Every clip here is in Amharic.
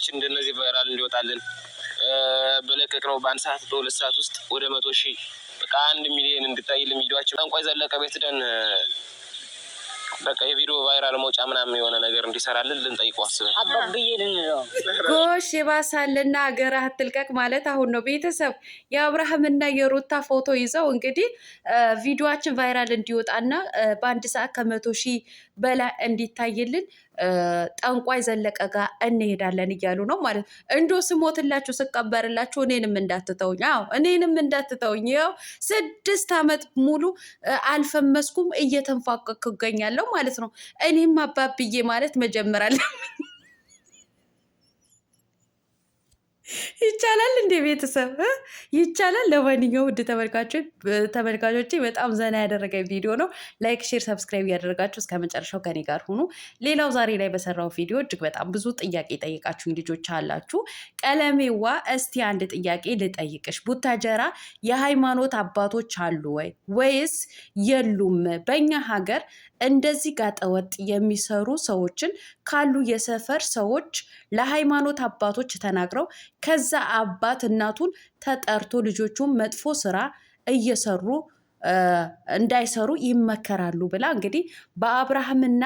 ቪዲዮችን እንደነዚህ ቫይራል እንዲወጣልን በለቀቅነው በአንድ ሰዓት በሁለት ሰዓት ውስጥ ወደ መቶ ሺህ በቃ አንድ ሚሊዮን እንድታይልን ቪዲዮችን ጠንቋይ ዘለቀ ቤት ደን በቃ የቪዲዮ ቫይራል መውጫ ምናምን የሆነ ነገር እንዲሰራልን ልንጠይቁ አስበን አባብዬ ልንለው ጎሽ የባሳልና ሀገር አትልቀቅ ማለት አሁን ነው። ቤተሰብ የአብርሃምና የሩታ ፎቶ ይዘው እንግዲህ ቪዲዮችን ቫይራል እንዲወጣና በአንድ ሰዓት ከመቶ ሺህ በላይ እንዲታይልን ጠንቋይ ዘለቀ ጋር እንሄዳለን እያሉ ነው ማለት እንዶ ስሞትላችሁ ስቀበርላችሁ እኔንም እንዳትተውኝ። አዎ እኔንም እንዳትተውኝ። ያው ስድስት ዓመት ሙሉ አልፈመስኩም፣ እየተንፋቀቅኩ እገኛለሁ ማለት ነው። እኔም አባብዬ ማለት መጀመር አለብኝ። ይቻላል እንደ ቤተሰብ ይቻላል። ለማንኛውም ውድ ተመልካቾች በጣም ዘና ያደረገ ቪዲዮ ነው። ላይክ፣ ሼር፣ ሰብስክራይብ እያደረጋችሁ እስከ መጨረሻው ከኔ ጋር ሁኑ። ሌላው ዛሬ ላይ በሰራው ቪዲዮ እጅግ በጣም ብዙ ጥያቄ ጠይቃችሁኝ ልጆች አላችሁ። ቀለሜዋ እስቲ አንድ ጥያቄ ልጠይቅሽ። ቡታጀራ የሃይማኖት አባቶች አሉ ወይ ወይስ የሉም? በእኛ ሀገር እንደዚህ ጋጠወጥ የሚሰሩ ሰዎችን ካሉ የሰፈር ሰዎች ለሃይማኖት አባቶች ተናግረው ከዛ አባት እናቱን ተጠርቶ ልጆቹን መጥፎ ስራ እየሰሩ እንዳይሰሩ ይመከራሉ ብላ እንግዲህ በአብርሃምና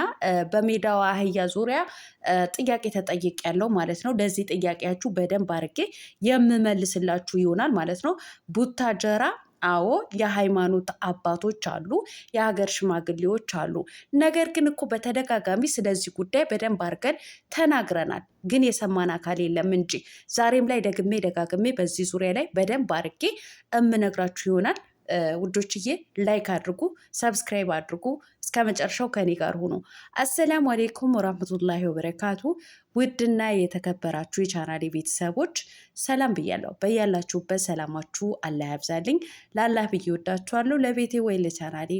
በሜዳዋ አህያ ዙሪያ ጥያቄ ተጠይቅ ያለው ማለት ነው። ለዚህ ጥያቄያችሁ በደንብ አድርጌ የምመልስላችሁ ይሆናል ማለት ነው ቡታጀራ አዎ የሃይማኖት አባቶች አሉ፣ የሀገር ሽማግሌዎች አሉ። ነገር ግን እኮ በተደጋጋሚ ስለዚህ ጉዳይ በደንብ አድርገን ተናግረናል፣ ግን የሰማን አካል የለም እንጂ ዛሬም ላይ ደግሜ ደጋግሜ በዚህ ዙሪያ ላይ በደንብ አድርጌ እምነግራችሁ ይሆናል። ውዶችዬ ላይክ አድርጉ፣ ሰብስክራይብ አድርጉ። እስከ መጨረሻው ከኔ ጋር ሆኖ አሰላሙ አሌይኩም ወራህመቱላሂ ወበረካቱ። ውድና የተከበራችሁ የቻናሌ ቤተሰቦች ሰላም ብያለሁ። በያላችሁበት ሰላማችሁ አላህ ያብዛልኝ። ላላህ ብዬ ወዳችኋለሁ። ለቤቴ ወይ ለቻናሌ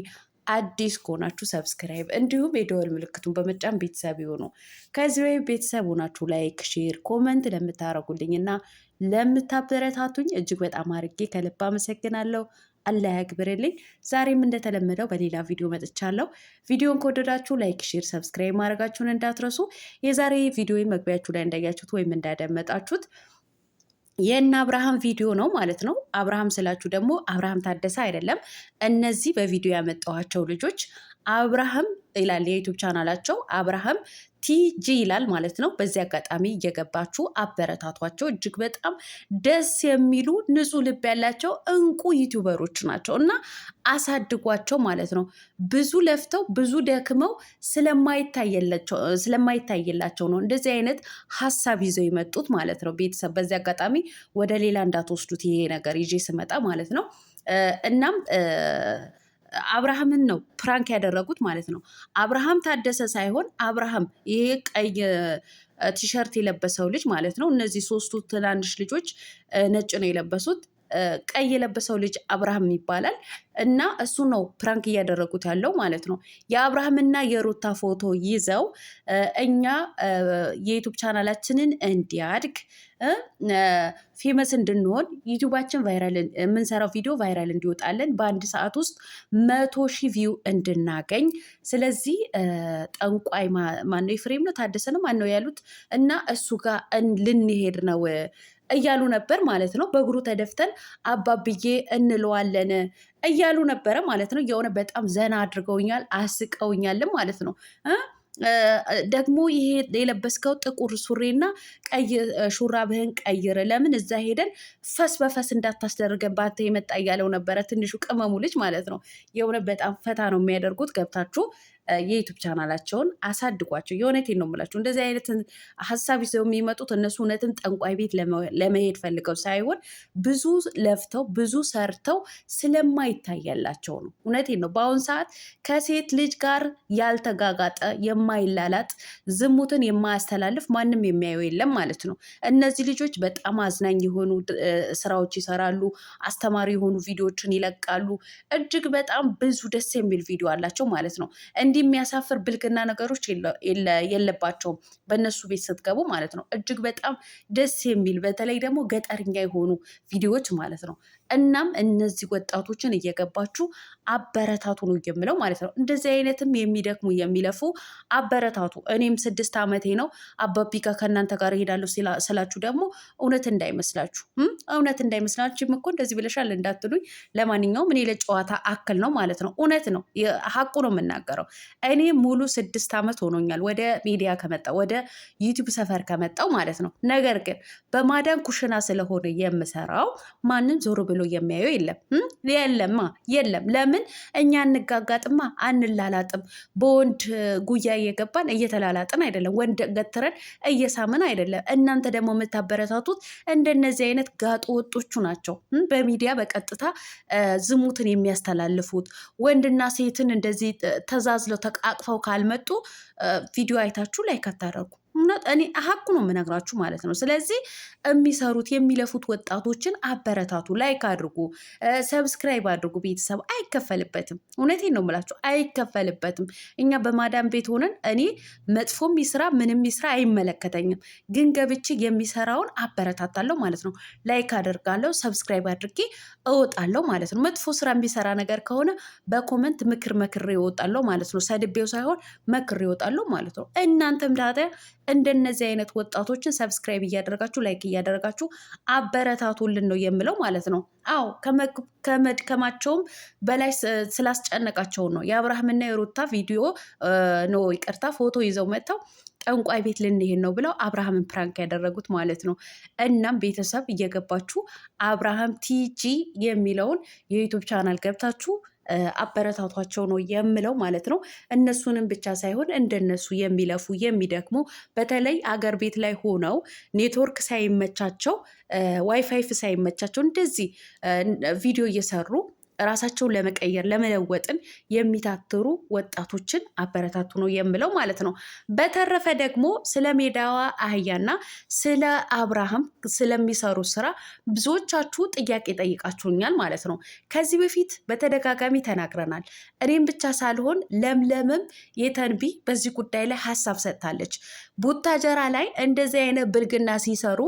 አዲስ ከሆናችሁ ሰብስክራይብ እንዲሁም የደወል ምልክቱን በመጫን ቤተሰብ የሆኑ ከዚህ ወይ ቤተሰብ ሆናችሁ ላይክ፣ ሼር፣ ኮመንት ለምታደርጉልኝ እና ለምታበረታቱኝ እጅግ በጣም አድርጌ ከልብ አመሰግናለሁ። አላ ያክብርልኝ። ዛሬም እንደተለመደው በሌላ ቪዲዮ መጥቻለሁ። ቪዲዮን ከወደዳችሁ ላይክ፣ ሼር፣ ሰብስክራይብ ማድረጋችሁን እንዳትረሱ። የዛሬ ቪዲዮ መግቢያችሁ ላይ እንዳያችሁት ወይም እንዳደመጣችሁት የእነ አብርሃም ቪዲዮ ነው ማለት ነው። አብርሃም ስላችሁ ደግሞ አብርሃም ታደሰ አይደለም። እነዚህ በቪዲዮ ያመጣኋቸው ልጆች አብርሃም ይላል የዩቱብ ቻናላቸው አብርሃም ቲጂ ይላል ማለት ነው። በዚህ አጋጣሚ እየገባችሁ አበረታቷቸው። እጅግ በጣም ደስ የሚሉ ንጹህ ልብ ያላቸው እንቁ ዩቲዩበሮች ናቸው እና አሳድጓቸው ማለት ነው። ብዙ ለፍተው ብዙ ደክመው ስለማይታየላቸው ነው እንደዚህ አይነት ሀሳብ ይዘው የመጡት ማለት ነው። ቤተሰብ በዚህ አጋጣሚ ወደ ሌላ እንዳትወስዱት ይሄ ነገር ይዤ ስመጣ ማለት ነው እናም አብርሃምን ነው ፕራንክ ያደረጉት ማለት ነው። አብርሃም ታደሰ ሳይሆን አብርሃም ይሄ ቀይ ቲሸርት የለበሰው ልጅ ማለት ነው። እነዚህ ሶስቱ ትናንሽ ልጆች ነጭ ነው የለበሱት። ቀይ የለበሰው ልጅ አብርሃም ይባላል እና እሱ ነው ፕራንክ እያደረጉት ያለው ማለት ነው። የአብርሃምና የሩታ ፎቶ ይዘው እኛ የዩቱብ ቻናላችንን እንዲያድግ ፌመስ እንድንሆን ዩቱባችን የምንሰራው ቪዲዮ ቫይራል እንዲወጣለን በአንድ ሰዓት ውስጥ መቶ ሺህ ቪው እንድናገኝ። ስለዚህ ጠንቋይ ማነው ኤፍሬም ነው ታደሰ ነው ማነው ያሉት እና እሱ ጋር ልንሄድ ነው እያሉ ነበር ማለት ነው። በእግሩ ተደፍተን አባብዬ እንለዋለን እያሉ ነበረ ማለት ነው። የሆነ በጣም ዘና አድርገውኛል፣ አስቀውኛልም ማለት ነው። ደግሞ ይሄ የለበስከው ጥቁር ሱሪና ቀይ ሹራብህን ቀይር፣ ለምን እዛ ሄደን ፈስ በፈስ እንዳታስደርገን ባተ የመጣ እያለው ነበረ። ትንሹ ቅመሙ ልጅ ማለት ነው። የሆነ በጣም ፈታ ነው የሚያደርጉት ገብታችሁ የዩቱብ ቻናላቸውን አሳድጓቸው። የእውነቴን ነው የምላቸው። እንደዚህ አይነት ሀሳብ ይዘው የሚመጡት እነሱ እውነትም ጠንቋይ ቤት ለመሄድ ፈልገው ሳይሆን ብዙ ለፍተው ብዙ ሰርተው ስለማይታያላቸው ነው። እውነቴን ነው። በአሁን ሰዓት ከሴት ልጅ ጋር ያልተጋጋጠ የማይላላጥ ዝሙትን የማያስተላልፍ ማንም የሚያየው የለም ማለት ነው። እነዚህ ልጆች በጣም አዝናኝ የሆኑ ስራዎች ይሰራሉ። አስተማሪ የሆኑ ቪዲዮዎችን ይለቃሉ። እጅግ በጣም ብዙ ደስ የሚል ቪዲዮ አላቸው ማለት ነው። እንዲህ የሚያሳፍር ብልግና ነገሮች የለባቸውም በእነሱ ቤት ስትገቡ ማለት ነው። እጅግ በጣም ደስ የሚል በተለይ ደግሞ ገጠርኛ የሆኑ ቪዲዮዎች ማለት ነው። እናም እነዚህ ወጣቶችን እየገባችሁ አበረታቱ ነው የምለው ማለት ነው። እንደዚህ አይነትም የሚደክሙ የሚለፉ አበረታቱ። እኔም ስድስት ዓመቴ ነው አባቢጋ ከእናንተ ጋር እሄዳለሁ ስላችሁ ደግሞ እውነት እንዳይመስላችሁ እውነት እንዳይመስላችሁ እኮ እንደዚህ ብለሻል እንዳትሉኝ። ለማንኛውም እኔ ለጨዋታ አክል ነው ማለት ነው። እውነት ነው፣ ሀቁ ነው የምናገረው። እኔ ሙሉ ስድስት ዓመት ሆኖኛል ወደ ሚዲያ ከመጣው ወደ ዩቲዩብ ሰፈር ከመጣው ማለት ነው። ነገር ግን በማዳን ኩሽና ስለሆነ የምሰራው ማንም ዞሮ ብሎ የሚያየው የለም የለማ የለም። ለምን እኛ እንጋጋጥማ አንላላጥም። በወንድ ጉያ እየገባን እየተላላጥን አይደለም፣ ወንድ ገትረን እየሳምን አይደለም። እናንተ ደግሞ የምታበረታቱት እንደነዚህ አይነት ጋጦ ወጦቹ ናቸው። በሚዲያ በቀጥታ ዝሙትን የሚያስተላልፉት ወንድና ሴትን እንደዚህ ተዛዝለው ተቃቅፈው ካልመጡ ቪዲዮ አይታችሁ ላይ አታደርጉ። እውነት እኔ ሀቁ ነው የምነግራችሁ ማለት ነው። ስለዚህ የሚሰሩት የሚለፉት ወጣቶችን አበረታቱ፣ ላይክ አድርጉ፣ ሰብስክራይብ አድርጉ። ቤተሰብ አይከፈልበትም። እውነቴን ነው የምላችሁ፣ አይከፈልበትም። እኛ በማዳም ቤት ሆነን እኔ መጥፎ ይስራ ምንም ይስራ አይመለከተኝም፣ ግን ገብቼ የሚሰራውን አበረታታለሁ ማለት ነው። ላይክ አደርጋለሁ፣ ሰብስክራይብ አድርጌ እወጣለሁ ማለት ነው። መጥፎ ስራ የሚሰራ ነገር ከሆነ በኮመንት ምክር መክሬ እወጣለሁ ማለት ነው። ሰድቤው ሳይሆን መክሬ እወጣለሁ ማለት ነው። እናንተም ታዲያ እንደነዚህ አይነት ወጣቶችን ሰብስክራይብ እያደረጋችሁ ላይክ እያደረጋችሁ አበረታቱልን ነው የምለው ማለት ነው። አዎ ከመድከማቸውም በላይ ስላስጨነቃቸው ነው። የአብርሃምና የሩታ ቪዲዮ ነው ይቅርታ፣ ፎቶ ይዘው መጥተው ጠንቋይ ቤት ልንሄድ ነው ብለው አብርሃምን ፕራንክ ያደረጉት ማለት ነው። እናም ቤተሰብ እየገባችሁ አብርሃም ቲጂ የሚለውን የዩቱብ ቻናል ገብታችሁ አበረታቷቸው ነው የምለው ማለት ነው። እነሱንም ብቻ ሳይሆን እንደነሱ የሚለፉ የሚደክሙ በተለይ አገር ቤት ላይ ሆነው ኔትወርክ ሳይመቻቸው ዋይፋይ ሳይመቻቸው እንደዚህ ቪዲዮ እየሰሩ ራሳቸውን ለመቀየር ለመለወጥን የሚታትሩ ወጣቶችን አበረታቱ ነው የምለው ማለት ነው። በተረፈ ደግሞ ስለ ሜዳዋ አህያና ስለ አብርሃም ስለሚሰሩ ስራ ብዙዎቻችሁ ጥያቄ ጠይቃችሁኛል ማለት ነው። ከዚህ በፊት በተደጋጋሚ ተናግረናል። እኔም ብቻ ሳልሆን ለምለምም የተንቢ በዚህ ጉዳይ ላይ ሀሳብ ሰጥታለች። ቡታጀራ ላይ እንደዚህ አይነት ብልግና ሲሰሩ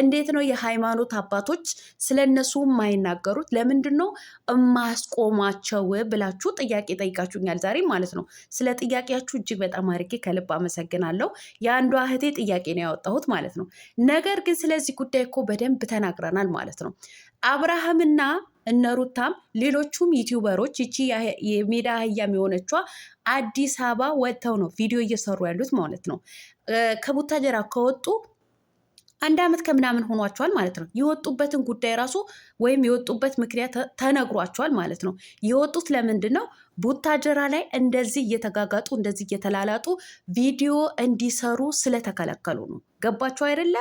እንዴት ነው የሃይማኖት አባቶች ስለነሱ የማይናገሩት? ለምንድን ነው እማስቆማቸው ብላችሁ ጥያቄ ጠይቃችሁኛል ዛሬ ማለት ነው። ስለ ጥያቄያችሁ እጅግ በጣም አድርጌ ከልብ አመሰግናለሁ። የአንዷ እህቴ ጥያቄ ነው ያወጣሁት ማለት ነው። ነገር ግን ስለዚህ ጉዳይ እኮ በደንብ ተናግረናል ማለት ነው። አብርሃምና እነሩታም ሌሎቹም ዩቲዩበሮች ይቺ የሜዳ አህያ የሆነቿ አዲስ አበባ ወጥተው ነው ቪዲዮ እየሰሩ ያሉት ማለት ነው። ከቡታጀራ ከወጡ አንድ ዓመት ከምናምን ሆኗቸዋል ማለት ነው። የወጡበትን ጉዳይ ራሱ ወይም የወጡበት ምክንያት ተነግሯቸዋል ማለት ነው። የወጡት ለምንድን ነው? ቡታጀራ ላይ እንደዚህ እየተጋጋጡ እንደዚህ እየተላላጡ ቪዲዮ እንዲሰሩ ስለተከለከሉ ነው። ገባችሁ አይደለ?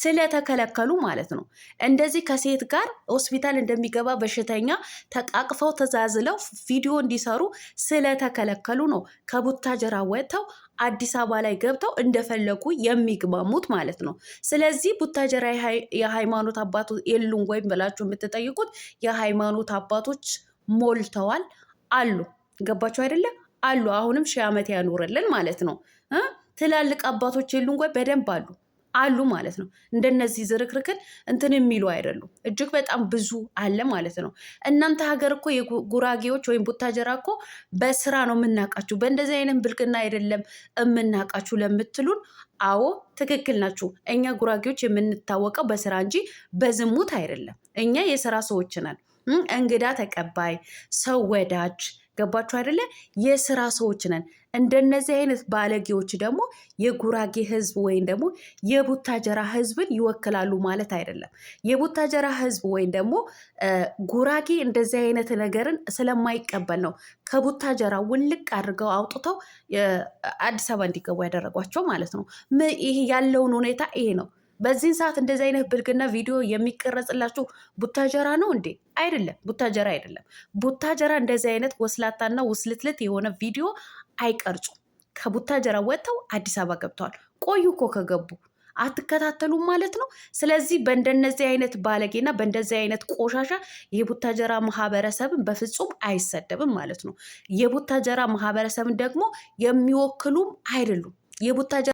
ስለተከለከሉ ማለት ነው። እንደዚህ ከሴት ጋር ሆስፒታል እንደሚገባ በሽተኛ ተቃቅፈው ተዛዝለው ቪዲዮ እንዲሰሩ ስለተከለከሉ ነው ከቡታጀራ ወጥተው አዲስ አበባ ላይ ገብተው እንደፈለጉ የሚግባሙት ማለት ነው። ስለዚህ ቡታጀራ የሃይማኖት አባቶ የሉም ወይም ብላችሁ የምትጠይቁት የሃይማኖት አባቶች ሞልተዋል አሉ። ገባችሁ አይደለም? አሉ አሁንም ሺህ ዓመት ያኖረልን ማለት ነው። ትላልቅ አባቶች የሉን ወይ? በደንብ አሉ አሉ ማለት ነው። እንደነዚህ ዝርክርክን እንትን የሚሉ አይደሉም። እጅግ በጣም ብዙ አለ ማለት ነው። እናንተ ሀገር እኮ የጉራጌዎች ወይም ቡታጀራ እኮ በስራ ነው የምናውቃችሁ። በእንደዚህ አይነት ብልግና አይደለም የምናውቃችሁ ለምትሉን፣ አዎ ትክክል ናችሁ። እኛ ጉራጌዎች የምንታወቀው በስራ እንጂ በዝሙት አይደለም። እኛ የስራ ሰዎች ነን። እንግዳ ተቀባይ፣ ሰው ወዳጅ ገባችሁ አይደለ? የስራ ሰዎች ነን። እንደነዚህ አይነት ባለጌዎች ደግሞ የጉራጌ ህዝብ ወይም ደግሞ የቡታጀራ ህዝብን ይወክላሉ ማለት አይደለም። የቡታጀራ ህዝብ ወይም ደግሞ ጉራጌ እንደዚህ አይነት ነገርን ስለማይቀበል ነው ከቡታጀራ ውልቅ አድርገው አውጥተው አዲስ አበባ እንዲገቡ ያደረጓቸው ማለት ነው። ይሄ ያለውን ሁኔታ ይሄ ነው። በዚህን ሰዓት እንደዚህ አይነት ብልግና ቪዲዮ የሚቀረጽላችሁ ቡታጀራ ነው እንዴ? አይደለም፣ ቡታጀራ አይደለም። ቡታጀራ እንደዚህ አይነት ወስላታና ውስልትልት የሆነ ቪዲዮ አይቀርጹም። ከቡታጀራ ወጥተው አዲስ አበባ ገብተዋል። ቆዩ እኮ ከገቡ አትከታተሉም ማለት ነው። ስለዚህ በእንደነዚህ አይነት ባለጌና በእንደዚህ አይነት ቆሻሻ የቡታጀራ ማህበረሰብን በፍጹም አይሰደብም ማለት ነው። የቡታጀራ ማህበረሰብን ደግሞ የሚወክሉም አይደሉም የቡታጀራ